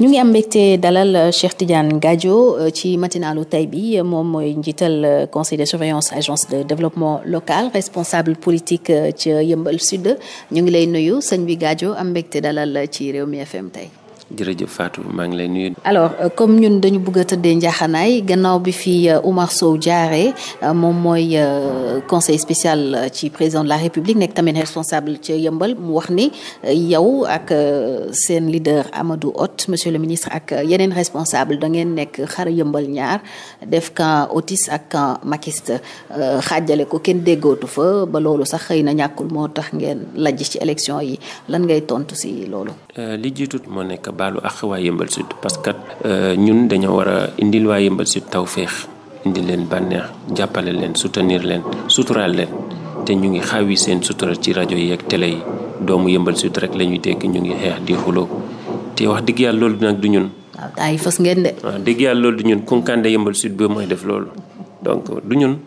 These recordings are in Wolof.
ñu ngi am mbégte dalal euh, Cheikh Tidiane Gadio euh, ci matinalu tey bi moom mooy njiital euh, conseil de surveillance agence de développement local responsable politique ci Yeumbeul Sud ñu ngi lay nuyu sëñ bi Gadio am mbégte dalal ci réew mi FM tey. jërëjëf Fatou maa ngi lay nuyu. alors euh, comme ñun dañu bëgg a tëddee njaaxanaay gannaaw bi fi euh, Oumar Sow jaaree euh, moom mooy conseil spécial ci président de la république nekk tamit responsable ca yëmbal mu wax ni yow ak seen leader Amadou Hott monsieur le ministre ak yeneen responsable da ngeen nekk xar yëmbal ñaar def camp Otis ak camp Makiste xajale ko kenn déggootu fa ba loolu sax xëy na ñàkkul moo tax ngeen lajj ci élection yi lan ngay tontu si loolu. li jiitu moo nekk baalu ak waa Yëmbal Sud parce que euh, ñun dañoo war a indil waa Yëmbal Sud taw féex indil leen bànneex jàppale leen soutenir leen suturaal leen te ñu ngi xaawi seen sutural ci rajo yi ak télé yi doomu Yëmbal Sud rek la ñuy dégg ñu ngi xeex di xuloo te wax dëgg yàlla loolu nag du ñun. waaw ay fas ngeen de. waaw yàlla loolu du ñun Kunkande Yëmbal Sud bi mooy def loolu donc du ñun.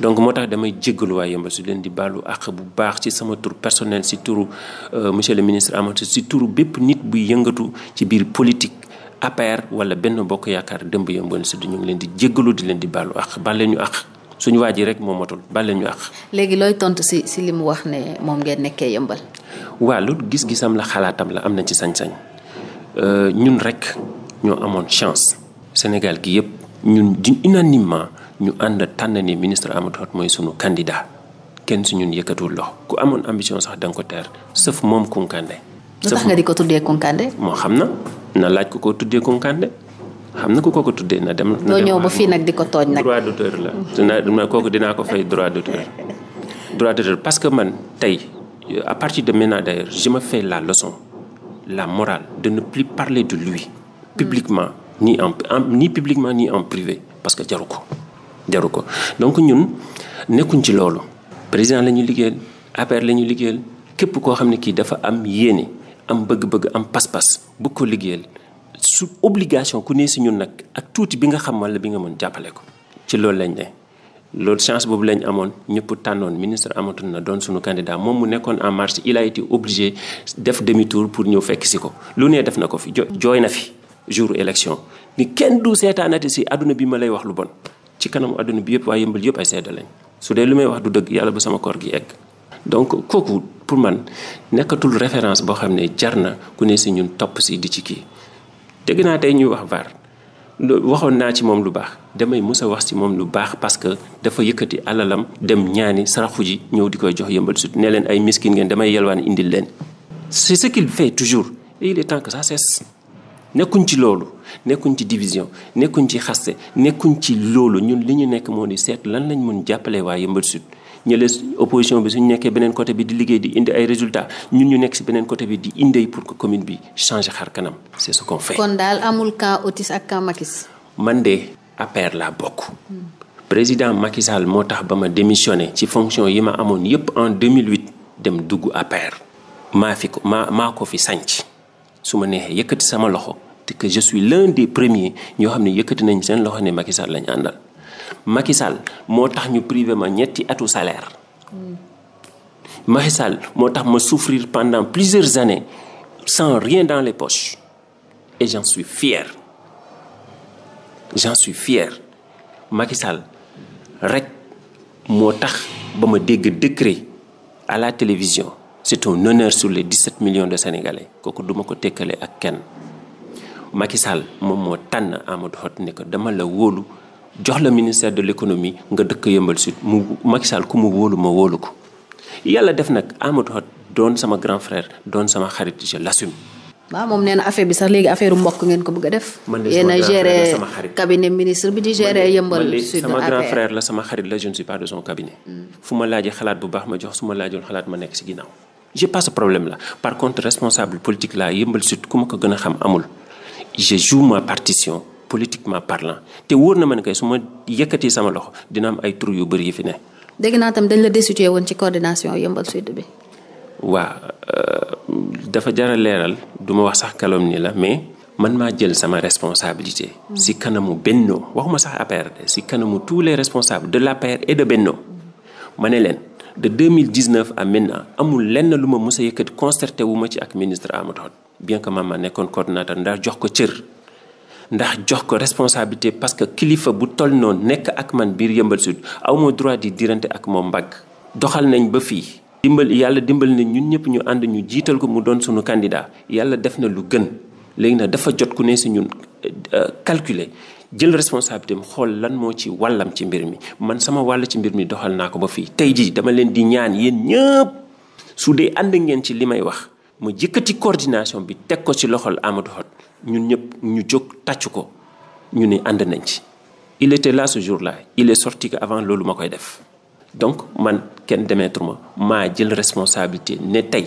donc moo tax damay jéggalu waa Yeumbeul su leen di baalu àq bu baax ci sama tur personnel si turu euh, monsieur le ministre Amathou si turu bépp nit buy yëngatu ci biir politique APR wala benn bokk yaakaar dëmb Yeumbeul Sud ñu ngi leen di jéggalu di leen di baalu àq baal leen ñu àq suñu waa ji rek moo matul baal ñu àq. léegi looy tontu si si li mu wax ne moom ngeen nekkee Yeumbeul. waa loolu gis-gisam la xalaatam la am na ci sañ-sañ euh, ñun rek ñoo amoon chance Sénégal gi yëpp. ñun di unanimement ñu ànd tànn ni ministre Amadou mooy sunu candidat kenn si ñun yëkkatuwul loxo ku amoon ambition sax da nga ko teer sëf moom Kunkande. lu tax nga di ko tuddee Kunkande. moo xam na na laaj ko ko tuddee Kunkande xam na ku ko ko tuddee na dem. na ñëw ba fii nag di tooñ nag. droit d'auteur la dina kooku dinaa ko fay droit d'auteur droit d'auteur parce que man tey à partir de maintenant d'ailleurs je me fais la leçon la morale de ne plus parler de lui publiquement. ni en ni publiquement ni en privé parce que jaru ko jaru ko donc ñun nekkuñ ci loolu président la ñu liggéeyal APR la ñu liggéeyal képp koo xam ne kii dafa am yéene am bëgg-bëgg am pas-pas bugg ko liggéeyal su obligation ku ne si ñun nag ak tuuti bi nga xam wala bi nga mën jàppale ko ci loolu lañ ne loolu chance boobu lañ amoon ñëpp tànnoon ministre amatu na doon suñu candidat moom mu nekkoon en marche il a été obligé def demi tour pour ñëw fekk si ko lu ne def na ko fi jo jooy na fi jour élection ni kenn du seetaanati si àdduna bi ma lay wax lu bon ci kanamu àdduna bi yëpp waa yëmbal yëpp ay seede lañ su dee lu may wax du dëgg yàlla bu sama koor gi egg donc kooku pour man nekkatul référence boo xam ne jar na ku ne si ñun topp si di ci kii dégg naa tey ñuy wax lu waxoon naa ci moom lu baax damay musa wax ci moom lu baax parce que dafa yëkkati alalam dem ñaani saraxu ji ñëw di koy jox yëmbal sud ne leen ay miskin ngeen damay yelwaan indil leen toujours et il nekkuñ ci loolu nekkuñ ci division nekkuñ ci xaste nekkuñ ci loolu ñun li ñu nekk moo di seet lan lañ mun jàppale waa Yeumbeul Sud ñële opposition bi suñu nekkee beneen côté bi di liggéey di indi ay résultats ñun ñu nekk si beneen côté bi di indi pour que commune bi change xar kanam c'est ce qu'on fait. kon daal amul kaa Otis ak cas Makis. man de appaire laa bokk. Hmm. président Macky Sall moo tax ba ma démissionné ci fonction yi ma amoon yépp en 2008 dem dugg APR. maa fi ko maa maa ko fi sànc su ma neexee yëkkati sama loxo te que je suis l'un des premiers ñoo xam ne yëkkati nañ seen loxo ne makisal Sall lañ àndal Macky moo tax ñu privé ma ñetti atu salaire Macky moo tax ma souffrir pendant plusieurs années sans rien dans les poches et j'en suis fier j'en suis fier Macky rek moo tax ba ma dégg décret à la télévision c'est un honneur sur les 17 millions de sénégalais kooku duma ko tekkale ak kenn Macky Sall moom moo tànn Amadou Hott ne ko dama la wóolu jox la ministère de l'économie nga dëkk yëmbal sud mu Macky Sall ku mu wóolu ma wóolu ko yàlla def nag Amadou Hott doon sama grand frère doon sama xarit je l'assume waaw moom nee na affaire sax léegi affaire mbokk ngeen ko bëgg a man de sama grand frère la sama xarit a sama la sama xarit la je ne suis pas de son cabinet. Mm. fu ma laajee xalaat bu baax ma jox suma ma xalaat ma nekk ci ginnaaw. j'ai pas ce problème la par contre responsable politique laa yëmbal sut ku ma ko gën a xam amul je joue ma partition politiquement parlant te wóor na ma ne kay su ma yëkkatee sama loxo dina am ay tur yu bëri yi fi ne. dégg naa tam dañ la destitué woon ci coordination yëmbal sud bi. waa euh, dafa jara leeral du ma wax sax calomnie la mais man maa jël sama responsabilité. si kanamu Benno waxuma sax APR de si kanamu tous les responsables de l'APR et de Benno ma ne leen. de 2019 à maintenant amul lenn lu ma mës a yëkkat concerté wu ci ak ministre Amadou Hott bien que maama nekkoon coordonnateur ndax jox ko cër ndax jox ko responsabilité parce que kilifa bu toll noonu nekk ak man biir yëmbal sud awma droit di dirante ak moom mbagg doxal nañ ba fii dimbal yàlla dimbal nañ ñun ñëpp ñu ànd ñu jiital ko mu doon suñu candidat yàlla def na lu gën léegi nag dafa jot ku ne si ñu euh, calculer jël responsabilité mu xool lan moo ci wàllam ci mbir mi man sama wàll ci mbir mi doxal naa ko ba fii tey jii dama leen di ñaan yéen ñëpp su dee ànd ngeen ci li may wax ma jëkkati coordination bi teg ko ci loxol Amadou Hott ñun ñëpp ñu jóg tàccu ko ñu ni ànd nañ ci. il était là ce jour-là il est sorti que avant loolu ma koy def donc man kenn demeetu ma maa jël responsabilité ne tey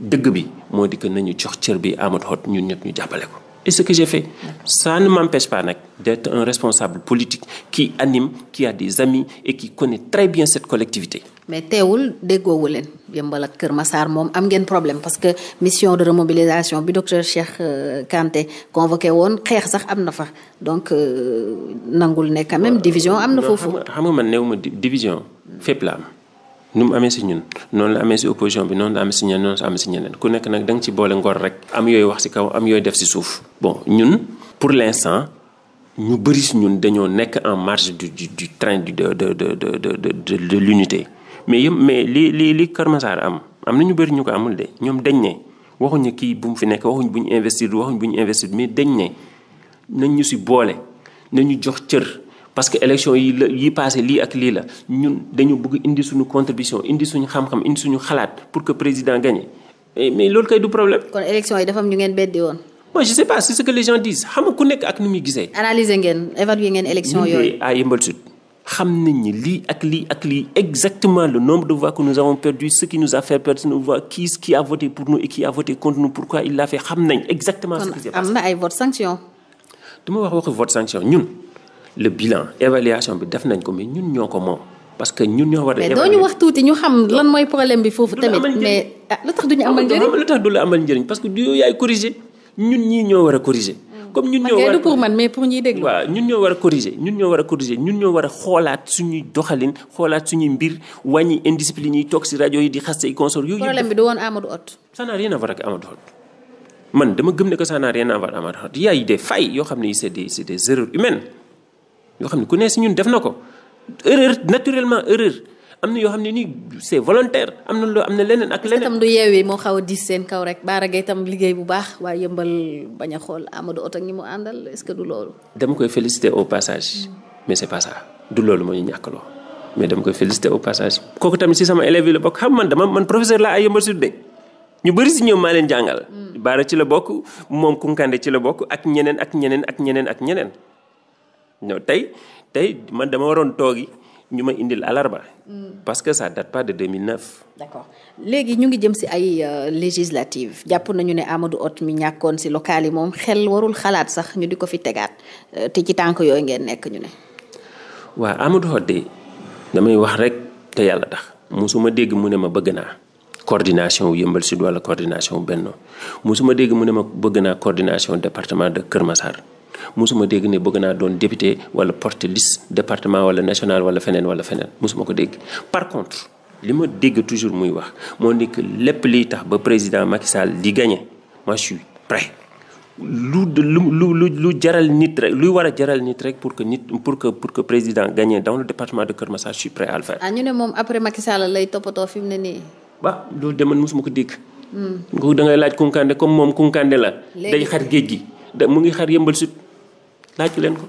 dëgg bi moo di que nañu jox cër bi Amadou Hott ñun ñëpp ñu jàppale ko. et ce que j'ai fait ça ne m'empêche pas nag d'être un responsable politique qui anime qui a des amis et qui connaît très bien cette collectivité mais teewul déggoowu leen Yeumbeul ak Kër Massar moom am ngeen problème parce que mission de remobilisation bi docteur Cheikh euh, Kanté convoqué woon xeex sax am na fa donc euh, nangul ne quand même division am na foofu xam nga man ma division fépp la am nu mu amee si ñun noonu la amee si opposition bi noonu la amee si ñeneen noonu la amee si ñeneen ku nekk nag da nga ci boole ngor rek am yooyu wax si kaw am yooyu def si suuf bon ñun pour l'instant ñu bëri si ñun dañoo nekk en marge du du du de de de de de l'unité mais yëpp mais li li li Kër Masar am am na ñu bëri ñu ko amul de ñoom dañ ne waxuñu kii bu mu fi nekk waxuñ bu ñu investir waxuñ bu ñu investir mais dañ ne nañ ñu si boole nañu jox cër. parce que élection yi la yi passé lii ak lii la ñun dañu bëgg indi suñu contribution indi suñu xam-xam indi suñu xalaat pour que président gagne mais loolu kay du problème. kon élection yi dafa am ñu ngeen beddi woon. moi je sais pas c'est ce que les gens disent xam nga ku nekk ak nu muy gisee. analyser ngeen évaluer ngeen élection yooyu. à Yeumbeul xam nañ ni lii ak lii ak lii exactement le nombre de voix que nous avons perdu ce qui nous a fait perdre nos voix qui qui a voté wax waxu vote sanction le bilan évaluation bi def nañ ko mais ñun ñoo ko moom parce que ñun ñoo war a. mais doo ñu wax tuuti ñu xam lan mooy problème bi foofu tamit. mais ah lu tax du amal njëriñ. parce que du yaay corriger ñun ñii ñoo war a corriger. Mm. comme ñun ñoo war a pour ñuy déglu. waaw ñun ñoo war a corriger ñun ñoo war a corriger ñun ñoo war a xoolaat suñuy doxalin xoolaat suñuy mbir wàññi indiscipline yi toog si rajo yi di xas say consor yooyu problème bi du woon Amadou Hott. ça n'a rien à man dama gëm ne que ça y yoo xam ne c'est des c'est des erreurs humaines yoo xam ne ku ne si ñun def na ko erreur naturellement erreur am na yoo xam ne nii c'est volontaire am na loo am na leneen ak leneen. tam du yeewee moo xaw a diis seen kaw rek baara gay tam liggéey bu baax waaye yëmbal bañ a xool Amadou Hott ak ñi mu àndal est-ce que du loolu. dama koy féliciter au passage mm. mais c'est pas ça du loolu moo ñu ñàkkaloo mais dama koy féliciter au passage kooku tamit si sama élèves la bokk xam man dama man professeur laa ay yëmbal sud de ñu bëri si ñoom maa leen jàngal. Mm. baara ci la bokk moom Kunkande ci la bokk ak ñeneen ak ñeneen ak ñeneen ak ñeneen. non tey tey man dama waroon toogi ñu ma indil alarba. Mm. parce que ça date pas de 2009. d'accord léegi ñu ngi jëm si ay euh, législative jàpp nañu ne Amadou ot mi ñàkkoon si local yi moom xel warul xalaat sax ñu di ko fi tegaat euh, te ci tànk yooyu ngeen nekk ñu ne. waaw Amadou Hott de damay wax rek te yàlla tax musuma dégg mu ne ma bëgg naa coordination wu yëmbal si wala coordination wu Benno musuma dégg mu ne ma bëgg naa coordination département de Kër Massar. musuma dégg ne bëgg naa doon député wala porte liste département wala national wala feneen wala feneen ma ko dégg par contre li ma dégg toujours muy wax moo nekk lépp liy tax ba président Macky Sall di gagné moi je suis prêt lu lu lu lu jaral nit rek luy war a jaral nit rek pour que nit pour que pour que président gagné dans le département de Kër Massar je suis prêt à le faire. ah ñu ne moom après Macky Sall lay toppatoo fi mu ne nii. waaw loolu de man mosuma ko dégg. Hmm. da moom Kunkande mu ngi xar laaj leen ko.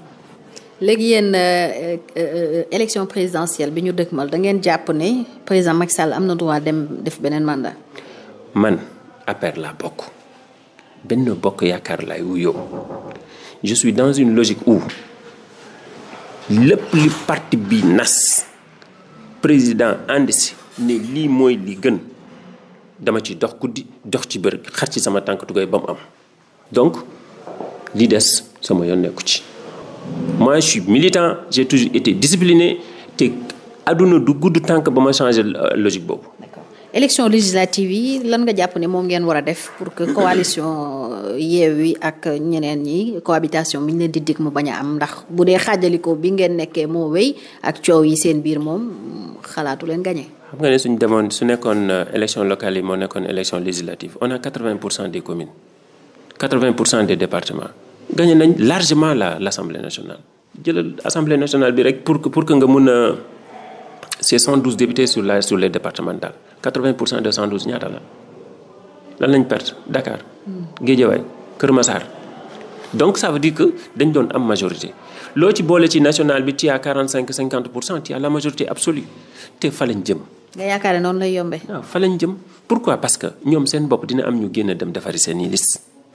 léegi yéen euh, euh, élection présidentielle bi ñu dëkkmal da ngeen jàpp ne président Macky Sall am na droit dem def beneen mandat. man APR laa bokk benn Bokk Yaakaar laay wuyoo je suis dans une logique où lépp li parti bi nas président ànd si ne lii mooy li gën dama ci dox guddi dox ci bërëb xar ci sama tànk tugay ba mu am donc li des. sama yoon nekku ci moi je suis militant j'ai toujours été discipliné te àdduna du gudd tànk ba ma changer euh, logique boobu. d'accord élection législative yi lan nga jàpp ne moom ngeen war a def pour que coalition euh, Yewwi ak ñeneen ñi cohabitation bi ñu leen di dig mu bañ am ndax bu dee xaajaliko bi ngeen nekkee moo wéy ak coow yi seen biir moom xalaatu leen gagné. xam nga ne suñu demoon su nekkoon euh, élection locale yi moo nekkoon élection législative on a pour cent des communes 80 pour cent des départements. gagné nañ largement la l' assemblée nationale jëlal assemblée bi rek pour que pour que nga mun a c'est 112 députés sur la sur les départementales 80 pour cent de 112 ñaata la lan lañ perte Dakar. Guédiawaye Kër Massar. donc ça veut dire que dañ doon am majorité loo ci boole ci national bi tu as 45 50 pour cent tu as la majorité absolue te fa lañ jëm. nga yaakaar ne noonu lay yombee. waaw lañ jëm pourquoi parce que ñoom seen bopp dina am ñu génn dem defari seen i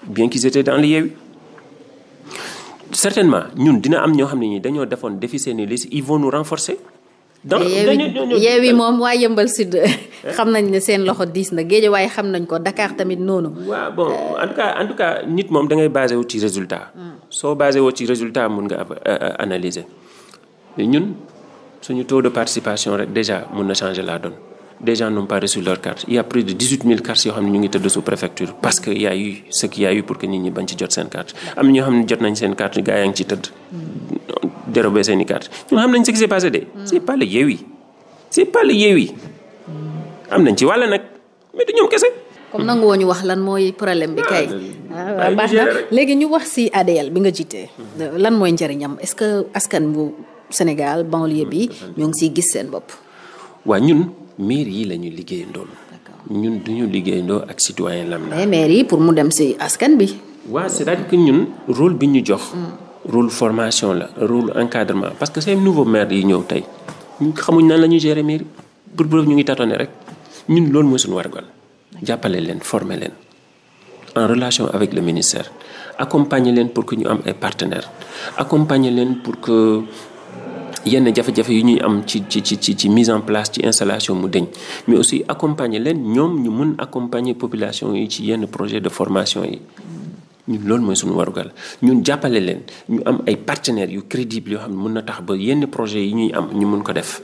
bien qu'ils étaient dans le Yewwi certainement ñun dina am ñoo xam ne ñii dañoo defoon défi seeni liste ils vont nous renforcer. donc yeewi moom waa yëmbal sud xam nañ ne seen loxo diis na géej waaye xam nañ ko dakaar tamit noonu. waaw bon euh, en tout cas en tout cas nit moom da ngay basé wu ci résultat. Hmm. soo basé woo ci résultat mun nga euh, euh, analyser ñun suñu taux de participation rek déjà mun na changer la donne. des gens n'ont pas leur carte a plus de 18 000 cartes yoo xam ne ñu ngi tëdd sous préfecture parce que y a eu ce qu'il y a pour que nit ñi bañ ci jot seen carte am ñoo xam ne jot nañ seen carte gaa yaa ngi seen i carte ñun xam nañ ce qui s'est passé am nañ ci walla nag mais ñoom kese comme nangu woo ñu wax lan mooy problème bi ah, kay ah, léegi ñu wax ci ADL bi nga jiitee lan mooy njëriñam est-ce que askan bu Sénégal banlieue bi mm, ñoo ngi ciy gis seen bopp waa ñun maire yi la ñu liggéeyandool ñun du ñu liggéeyandoo ak citoyen lambda. mais eh, maire pour mu dem si askan bi. waaw c'est-à-dire ñun rôle bi ñu jox. rôle formation la rôle encadrement parce que ces nouveaux maires yi ñëw tey xamuñ nan la ñuy gérer mairie pour preuve ñu ngi tâtonner rek ñun loolu mooy suñu wargal jàppale leen former leen en relation avec le ministère accompagner leen pour que ñu am ay partenaires accompagner leen pour que yenn jafe-jafe yu ñuy am ci ci ci ci mise en place ci installation mu deñ mais aussi accompagner leen ñoom ñu mun accompagner population yi ci yenn projet de formation yi ñun loolu mooy suñu warugal ñun jàppale leen ñu am ay partenaires yu crédible yoo xam ne mun na tax ba yenn projet yi ñuy am ñu mun ko def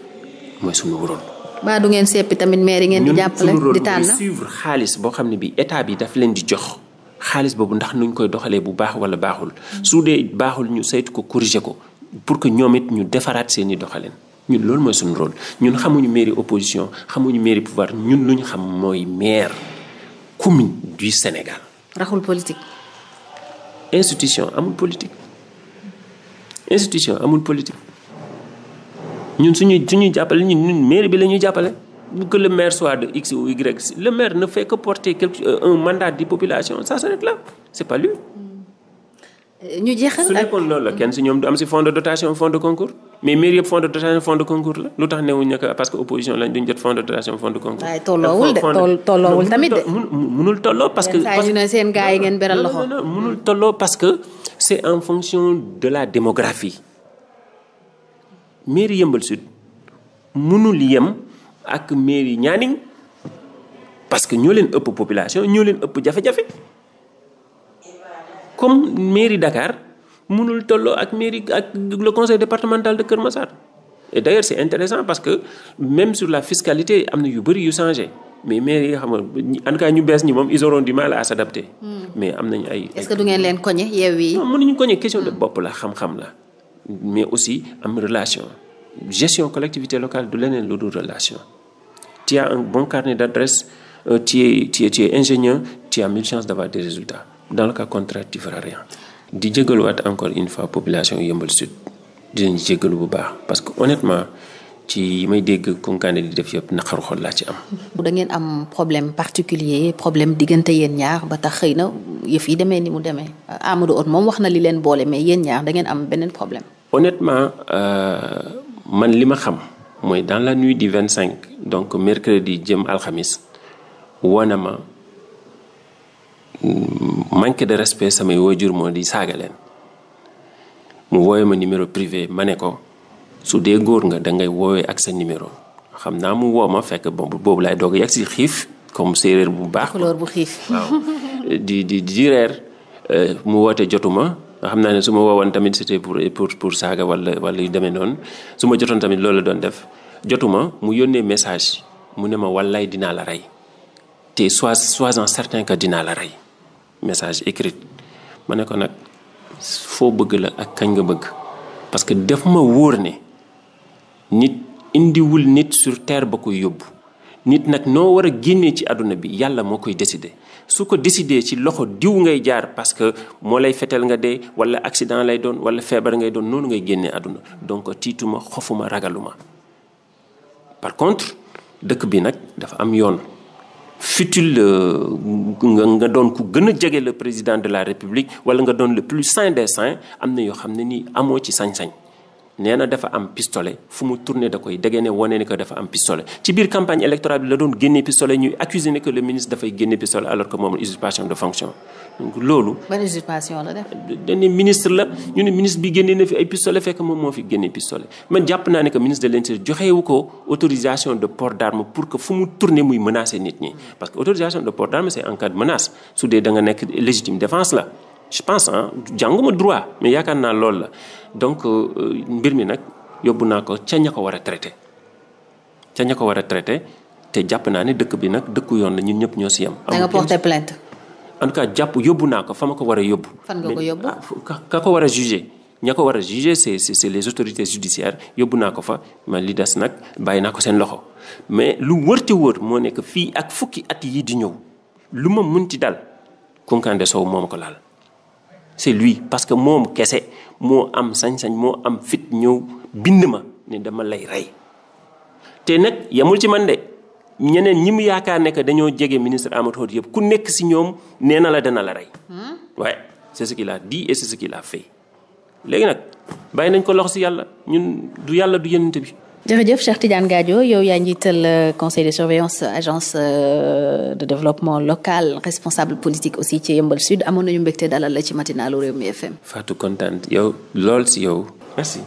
mooy suñu rôle. mbaa du ngeen seppi tamit maire yi ngeen di jàppale di tànn suivre xaalis boo xam ne bi état bi daf leen di jox xaalis boobu ndax nuñ koy doxalee bu baax wala baaxul su dee baaxul ñu saytu ko corriger ko pour que ñoom it ñu defaraat seen i doxalin ñun loolu mooy suñu rôle ñun xamuñu mairie opposition xamuñu mairie pouvoir ñun lu ñu xam mooy maire commune du Sénégal. raxul politique. institution amul politique institution amul politique ñun suñuy suñuy jàppale ñun ñun maire bi la ñuy jàppale. que le soit de X ou Y le maire ne fait que porter quelque euh, un mandat de population sa s'arrête là c'est pas lui. ñu jeexal su nekkoon loolu la kenn si ñoom du am si fonds de dotation fonds de concours mais mairie yëpp fonds de dotation fonds de concours la lu tax newuñ naka parce que opposition lañ duñ jot fonds de dotation fonds de concours. tolloowul tamit de. mënul tolloo parce que. ñu est en fonction de la démographie mairie yëmbal Sud mënul yem ak mairie Nianing parce que ñoo leen ëpp population ñoo leen ëpp jafe-jafe. comme mairie Dakar mënul tolloo ak mairie ak le conseil départemental de Kër Massar et d'ailleurs c'est intéressant parce que même sur la fiscalité am na yu bëri yu changé mais maire xam ne en tout ñu bees ñi moom ils auront du mal hmm. mais am nañu ay. est-ce que du ngeen leen hmm. bopp la xam-xam la mais aussi am relation gestion collectivité locale du leneen lu dul relation. ti a un bon carnet d'adresse euh, tu es tu es tu es ingénieur tu as mille chances d'avoir des résultats. dans le cas contraire tu encore une fois population Yeumbeul Sud di leen bu baax parce que honnêtement ci may dégg Koukandé di def yëpp naqaru xol laa ci am. da ngeen am problème particulier problème diggante yéen ñaar ba tax xëy na yëf yi demee ni mu demee Amadou Hott moom wax na li leen boole mais yéen ñaar da ngeen am beneen problème. honnêtement euh, man li ma xam mooy dans la nuit du cinq donc mercredi jëm alxamis woon ma. manque de respect samay waajur moo di saaga leen mu woowe ma numéro privé ma ne ko su dee góor nga da ngay woowee ak sa numéro xam naa mu woo ma fekk boobu boobu laay doog a yegg si xiif comme séeréer bu baax. couleur bu xiif waaw di di di reer euh, mu woote jotuma xam naa ne su ma woowoon tamit c'était pour pour pour saaga wala wala yu demee noonu su ma jotoon tamit loolu la doon def jotuma mu yónnee message mu ne ma wallaay dinaa la rey te sois sois en certain que dinaa la rey. message écrit ma ne ko nag foo bëgg la ak kañ nga bëgg parce que daf ma wóor ne nit indiwul nit sur terre ba koy yóbbu nit nag noo war a génnee ci àdduna bi yàlla moo koy décider su ko décider ci loxo diw ngay jaar parce que moo lay fetal nga dee wala accident lay doon wala feebar ngay doon noonu ngay génnee àdduna donc tiituma xofuma ragaluma par contre dëkk bi nag dafa am yoon futile euh, nga nga doon ku gën a jege le président de la république wala nga doon le plus saint des saints am na yoo xam ne nii amoo ci sañ-sañ nee na dafa am pistolet fu mu tourné da koy dégg ne wane ni que dafa am pistolet ci biir campagne électorale bi la doon génne pistolet ñuy accusé ne que le ministre dafay génne pistolet alors que moom la ñu ne ministre bi génne fekk moom moo fi génne pistolet man jàpp naa ne que ministre de l'intérieur joxewu ko autorisation de port d'arme pour que fu mu tourné muy menacer nit ñi parce que autorisation de port d'arme c'est en cas de menace su dee da nga nekk légitime défense la. je pense ah jànguma droit mais yaakaar naa loolu la donc euh, mbir mi nag yóbbu naa ko ca ña ko war a traité ca ña ko war a traité te jàpp naa ne dëkk bi nag dëkku yoon la ñu ñëpp ñoo si yem. am na porté plainte. en tout cas yóbbu naa ko fa ma ko war a yóbbu. fan nga ko yóbbu ah, ko war a jugé. ña ko war a jugé c'est c'est les autorités judiciaires yóbbu naa ko fa man li des nag bàyyi naa ko seen loxo mais lu wër wër moo nekk fii ak fukki at yii di ñëw lu ma munti dal Kunkandé Sow moo ma ko laal. c'est lui parce que moom kese moo am sañ-sañ moo am fit ñëw bind ma ne dama lay rey te nag yemul ci man de ñeneen ñi mu yaakaar ne que dañoo jege ministre Amadou Hott yëpp ku nekk si ñoom nee na la dana la rey waaye hmm? c'est ce qu'il a et c'est ce qu'il a léegi nag bàyyi nañ ko loxo si yàlla ñun du yàlla du yonent bi jërëjëf Cheikh Tidiane Gadio yow yaa njiital euh, conseil de surveillance euh, agence euh, de développement local responsable politique aussi ci Yeumbeul Sud amoon nañu mbégte dalal la ci matinalu Rewmi FM. Fatou kontaan yow lool si yow merci.